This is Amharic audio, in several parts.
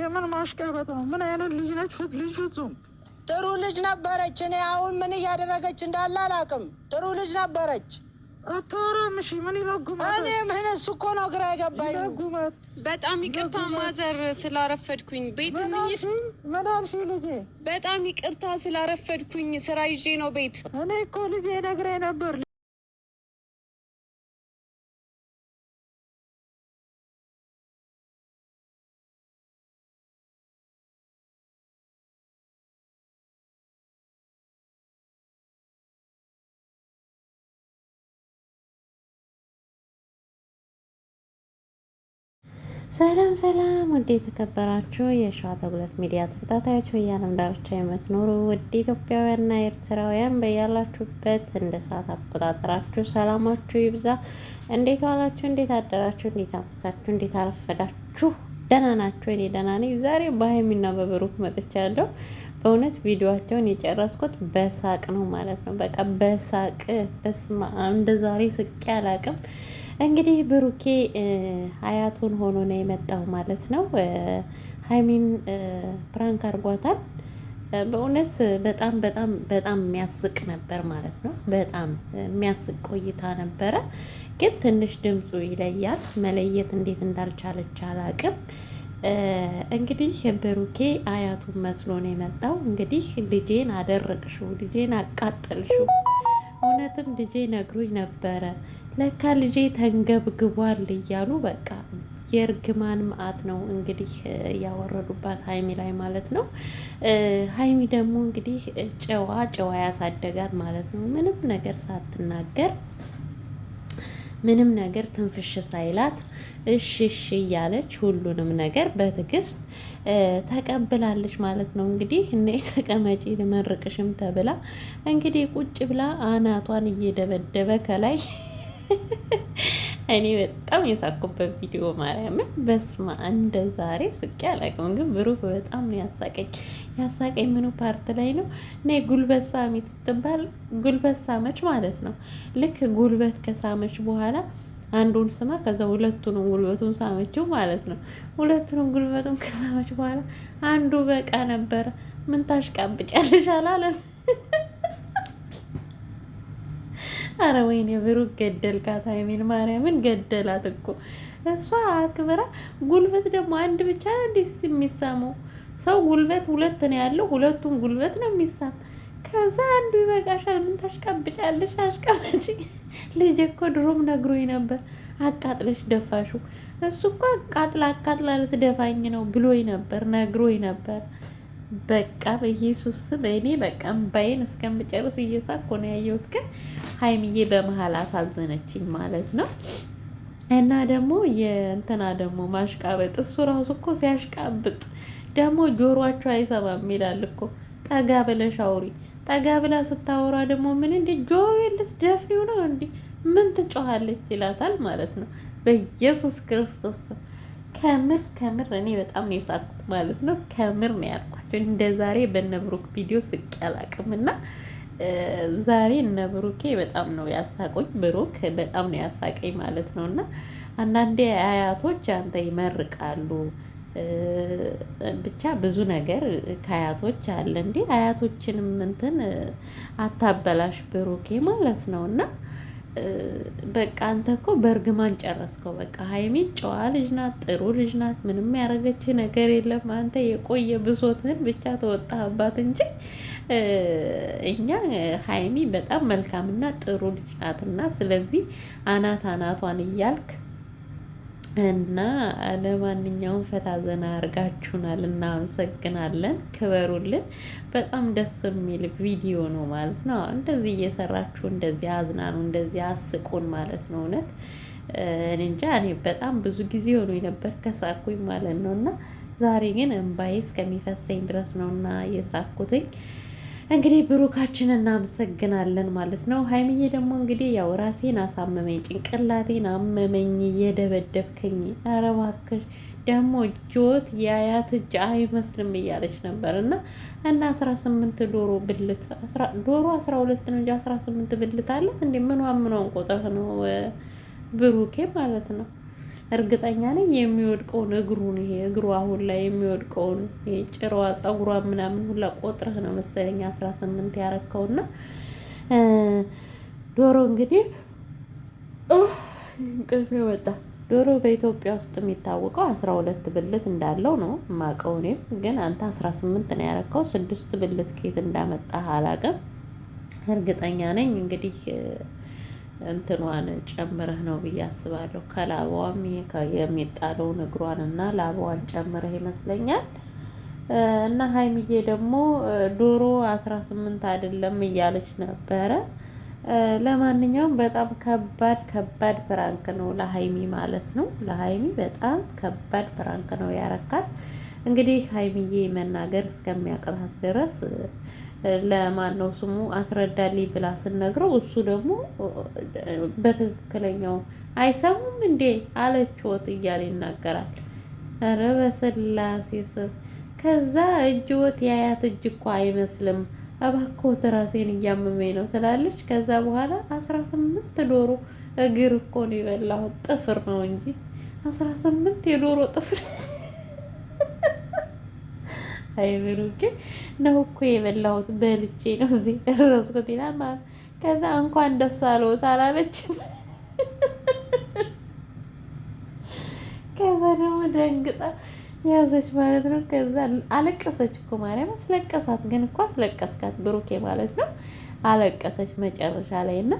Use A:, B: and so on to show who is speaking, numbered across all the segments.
A: የምን ማሽቃበጥ ነው? ምን አይነት ልጅ ነች? ልጅ ፍጹም
B: ጥሩ ልጅ ነበረች። እኔ አሁን ምን እያደረገች እንዳለ አላውቅም። ጥሩ ልጅ ነበረች።
A: አታወራም። እሺ ምን ይረጉማል?
B: እኔ ምን እሱ እኮ ነው ግራ የገባኝ።
C: በጣም ይቅርታ ማዘር ስላረፈድኩኝ። ቤት እንሂድ።
A: ምን አልሽኝ ልጄ?
C: በጣም ይቅርታ ስላረፈድኩኝ። ስራ ይዤ ነው ቤት።
A: እኔ እኮ ልጄ ነግሬ ነበር
D: ሰላም ሰላም ውድ የተከበራችሁ የሸዋ ተጉለት ሚዲያ ተከታታዮች በየዓለም ዳርቻ የምትኖሩ ውድ ኢትዮጵያውያንና ኤርትራውያን በያላችሁበት እንደ ሰዓት አቆጣጠራችሁ ሰላማችሁ ይብዛ። እንዴት ዋላችሁ? እንዴት አደራችሁ? እንዴት አመሳችሁ? እንዴት አረፈዳችሁ? ደህና ናችሁ? እኔ ደህና ነኝ። ዛሬ በሀይሚና በብሩክ መጥቻለሁ። በእውነት ቪዲዮቸውን የጨረስኩት በሳቅ ነው ማለት ነው። በቃ በሳቅ በስማ እንደ ዛሬ ስቄ አላቅም። እንግዲህ ብሩኬ ሀያቱን ሆኖ ነው የመጣው ማለት ነው። ሀይሚን ፕራንክ አርጓታል። በእውነት በጣም በጣም በጣም የሚያስቅ ነበር ማለት ነው። በጣም የሚያስቅ ቆይታ ነበረ፣ ግን ትንሽ ድምፁ ይለያል። መለየት እንዴት እንዳልቻለች አላቅም። እንግዲህ ብሩኬ አያቱን መስሎ ነው የመጣው። እንግዲህ ልጄን አደረቅሹ ልጄን አቃጠልሽው። እውነትም ልጄ ነግሮኝ ነበረ ለካ ልጄ ተንገብግቧል እያሉ በቃ የእርግማን መዓት ነው እንግዲህ ያወረዱባት ሀይሚ ላይ ማለት ነው። ሀይሚ ደግሞ እንግዲህ ጨዋ ጨዋ ያሳደጋት ማለት ነው። ምንም ነገር ሳትናገር ምንም ነገር ትንፍሽ ሳይላት እሽ እሽ እያለች ሁሉንም ነገር በትዕግስት ተቀብላለች ማለት ነው። እንግዲህ እነ ተቀመጪ ልመርቅሽም ተብላ እንግዲህ ቁጭ ብላ አናቷን እየደበደበ ከላይ እኔ በጣም የሳኩበት ቪዲዮ ማርያምን በስማ እንደ ዛሬ ስቄ አላውቅም። ግን ብሩክ በጣም ነው ያሳቀኝ። ያሳቀኝ ምኑ ፓርት ላይ ነው? እኔ ጉልበት ሳሚ ትባል ጉልበት ሳመች ማለት ነው። ልክ ጉልበት ከሳመች በኋላ አንዱን ስማ፣ ከዛ ሁለቱንም ጉልበቱን ሳመችው ማለት ነው። ሁለቱንም ጉልበቱን ከሳመች በኋላ አንዱ በቃ ነበረ። ምን ታሽቃብጫለሽ አላለም አረ ወይኔ ብሩክ ገደልካት፣ ሀይሚን ማርያምን ገደላት እኮ እሷ አክብራ። ጉልበት ደግሞ አንድ ብቻ ነው እንዲስ የሚሳመው ሰው ጉልበት ሁለት ነው ያለው፣ ሁለቱም ጉልበት ነው የሚሳም። ከዛ አንዱ ይበቃሻል፣ ምን ታሽቀብጫለሽ? አሽቀበጭ ልጅ እኮ ድሮም ነግሮኝ ነበር፣ አቃጥለሽ ደፋሹ። እሱ እኮ አቃጥላ አቃጥላ ልትደፋኝ ነው ብሎኝ ነበር፣ ነግሮኝ ነበር። በቃ በኢየሱስ ስም እኔ በቃ እምባዬን እስከምጨርስ እየሳኩ ነው ያየሁት። ግን ሀይሚዬ በመሀል አሳዘነችኝ ማለት ነው። እና ደግሞ የእንትና ደግሞ ማሽቃበጥ እሱ ራሱ እኮ ሲያሽቃብጥ ደግሞ ጆሯቸው አይሰማም ይላል እኮ። ጠጋ ብለሽ አውሪ። ጠጋ ብላ ስታወራ ደግሞ ምን እንዲ ጆሮ የለት ደፍሪው ነው እንዲ ምን ትጮኋለች ይላታል ማለት ነው። በኢየሱስ ክርስቶስ ስም ከምር ከምር እኔ በጣም ነው የሳቁት ማለት ነው። ከምር ነው ያልኳቸው። እንደ ዛሬ በነብሩክ ቪዲዮ ስቄ አላቅም እና ዛሬ እነብሩኬ በጣም ነው ያሳቆኝ። ብሩክ በጣም ነው ያሳቀኝ ማለት ነው። እና አንዳንዴ አያቶች አንተ ይመርቃሉ ብቻ ብዙ ነገር ከአያቶች አለ እንዴ። አያቶችንም እንትን አታበላሽ ብሩኬ ማለት ነው እና በቃ አንተ እኮ በእርግማን ጨረስከው። በቃ ሀይሚን ጨዋ ልጅ ናት፣ ጥሩ ልጅ ናት። ምንም ያደረገች ነገር የለም። አንተ የቆየ ብሶትህን ብቻ ተወጣህባት እንጂ እኛ ሀይሚ በጣም መልካምና ጥሩ ልጅ ናትና ስለዚህ አናት አናቷን እያልክ እና ለማንኛውም ፈታ ዘና እና እናመሰግናለን። ክበሩልን። በጣም ደስ የሚል ቪዲዮ ነው ማለት ነው። እንደዚህ እየሰራችሁ እንደዚህ አዝናኑ፣ እንደዚህ አስቁን ማለት ነው። እውነት እንጃ እኔ በጣም ብዙ ጊዜ ሆኖ የነበር ከሳኩኝ ማለት ነው። እና ዛሬ ግን እምባዬ እስከሚፈሰኝ ድረስ ነው እና የሳኩትኝ እንግዲህ ብሩካችን እናመሰግናለን ማለት ነው። ሀይምዬ ደግሞ እንግዲህ ያው ራሴን አሳመመኝ፣ ጭንቅላቴን አመመኝ፣ እየደበደብከኝ፣ ኧረ እባክሽ ደግሞ ጆት የአያት እጅ አይመስልም እያለች ነበር እና እና አስራ ስምንት ዶሮ ብልት ዶሮ አስራ ሁለት ነው እንጂ አስራ ስምንት ብልት አለ እንደ ምኗ ምኗን ቆጥረህ ነው ብሩኬ ማለት ነው። እርግጠኛ ነኝ የሚወድቀውን እግሩን ይሄ እግሩ አሁን ላይ የሚወድቀውን ጭሯ ጸጉሯ ምናምን ሁላ ቆጥረህ ነው መሰለኝ አስራ ስምንት ያረከውና ዶሮ እንግዲህ እንቅልፍ ወጣ። ዶሮ በኢትዮጵያ ውስጥ የሚታወቀው አስራ ሁለት ብልት እንዳለው ነው የማውቀው እኔም። ግን አንተ አስራ ስምንት ነው ያረከው። ስድስት ብልት ኬት እንዳመጣህ አላውቅም። እርግጠኛ ነኝ እንግዲህ እንትኗን ጨምረህ ነው ብዬ አስባለሁ። ከላባዋም የሚጣለውን እግሯን እና ላባዋን ጨምረህ ይመስለኛል። እና ሀይሚዬ ደግሞ ዶሮ አስራ ስምንት አይደለም እያለች ነበረ። ለማንኛውም በጣም ከባድ ከባድ ፕራንክ ነው ለሀይሚ ማለት ነው። ለሀይሚ በጣም ከባድ ፍራንክ ነው ያረካት። እንግዲህ ሀይሚዬ መናገር እስከሚያቅታት ድረስ ለማን ነው ስሙ አስረዳልኝ ብላ ስነግረው እሱ ደግሞ በትክክለኛው አይሰሙም እንዴ አለችወት እያለ ይናገራል። ኧረ በስላሴ ስም ከዛ እጅ ወት ያያት እጅ እኮ አይመስልም እባክዎት ራሴን እያመመኝ ነው ትላለች። ከዛ በኋላ አስራ ስምንት ዶሮ እግር እኮ ነው የበላሁት ጥፍር ነው እንጂ አስራ ስምንት የዶሮ ጥፍር አይ ብሩኬ ነው እኮ የበላሁት በልቼ ነው እዚህ ደረስኩት ይላል ማለት ከዛ እንኳን ደስ አለዎት አላለችም። ከዛ ደግሞ ደንግጣ ያዘች ማለት ነው። ከዛ አለቀሰች እኮ ማርያም አስለቀሳት። ግን እኮ አስለቀስካት ብሩኬ ማለት ነው። አለቀሰች መጨረሻ ላይ እና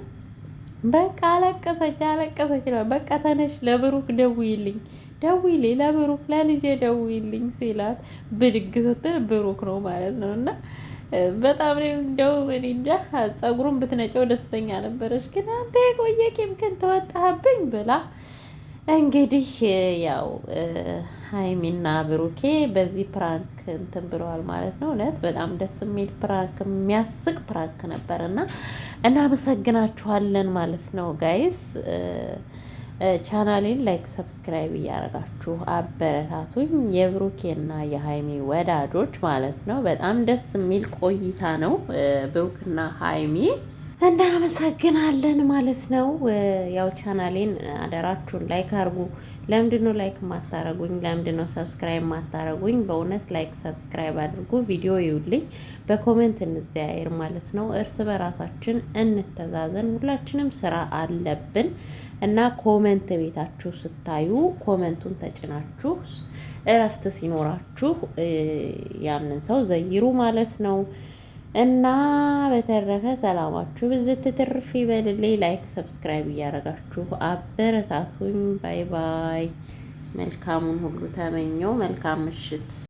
D: በቃ አለቀሰች አለቀሰች ነው በቃ ተነሽ ለብሩክ ደውይልኝ ደዊሌ ለብሩክ ለልጄ ደዊልኝ ሲላት ብድግ ስትል ብሩክ ነው ማለት ነው። እና በጣም እንደው እንጃ ፀጉሩን ብትነጨው ደስተኛ ነበረች። ግን አንተ የቆየ ኬምክን ተወጣህብኝ ብላ እንግዲህ ያው ሀይሚና ብሩኬ በዚህ ፕራንክ እንትን ብለዋል ማለት ነው። እውነት በጣም ደስ የሚል ፕራንክ፣ የሚያስቅ ፕራንክ ነበር እና እናመሰግናችኋለን ማለት ነው ጋይስ ቻናሌን ላይክ ሰብስክራይብ እያደረጋችሁ አበረታቱኝ። የብሩኬና የሀይሚ ወዳጆች ማለት ነው። በጣም ደስ የሚል ቆይታ ነው ብሩክና ሀይሚ እናመሰግናለን ማለት ነው። ያው ቻናሌን አደራችሁን ላይክ አድርጉ። ለምንድን ነው ላይክ ማታረጉኝ? ለምንድን ነው ሰብስክራይብ ማታረጉኝ? በእውነት ላይክ ሰብስክራይብ አድርጉ። ቪዲዮ ይውልኝ፣ በኮሜንት እንዘያየር ማለት ነው። እርስ በራሳችን እንተዛዘን፣ ሁላችንም ስራ አለብን እና ኮሜንት ቤታችሁ ስታዩ ኮሜንቱን ተጭናችሁ እረፍት ሲኖራችሁ ያንን ሰው ዘይሩ ማለት ነው። እና በተረፈ ሰላማችሁ ብዝት ትርፍ ይበልልኝ። ላይክ ሰብስክራይብ እያደረጋችሁ አበረታቱኝ። ባይ ባይ። መልካሙን ሁሉ ተመኘው። መልካም ምሽት።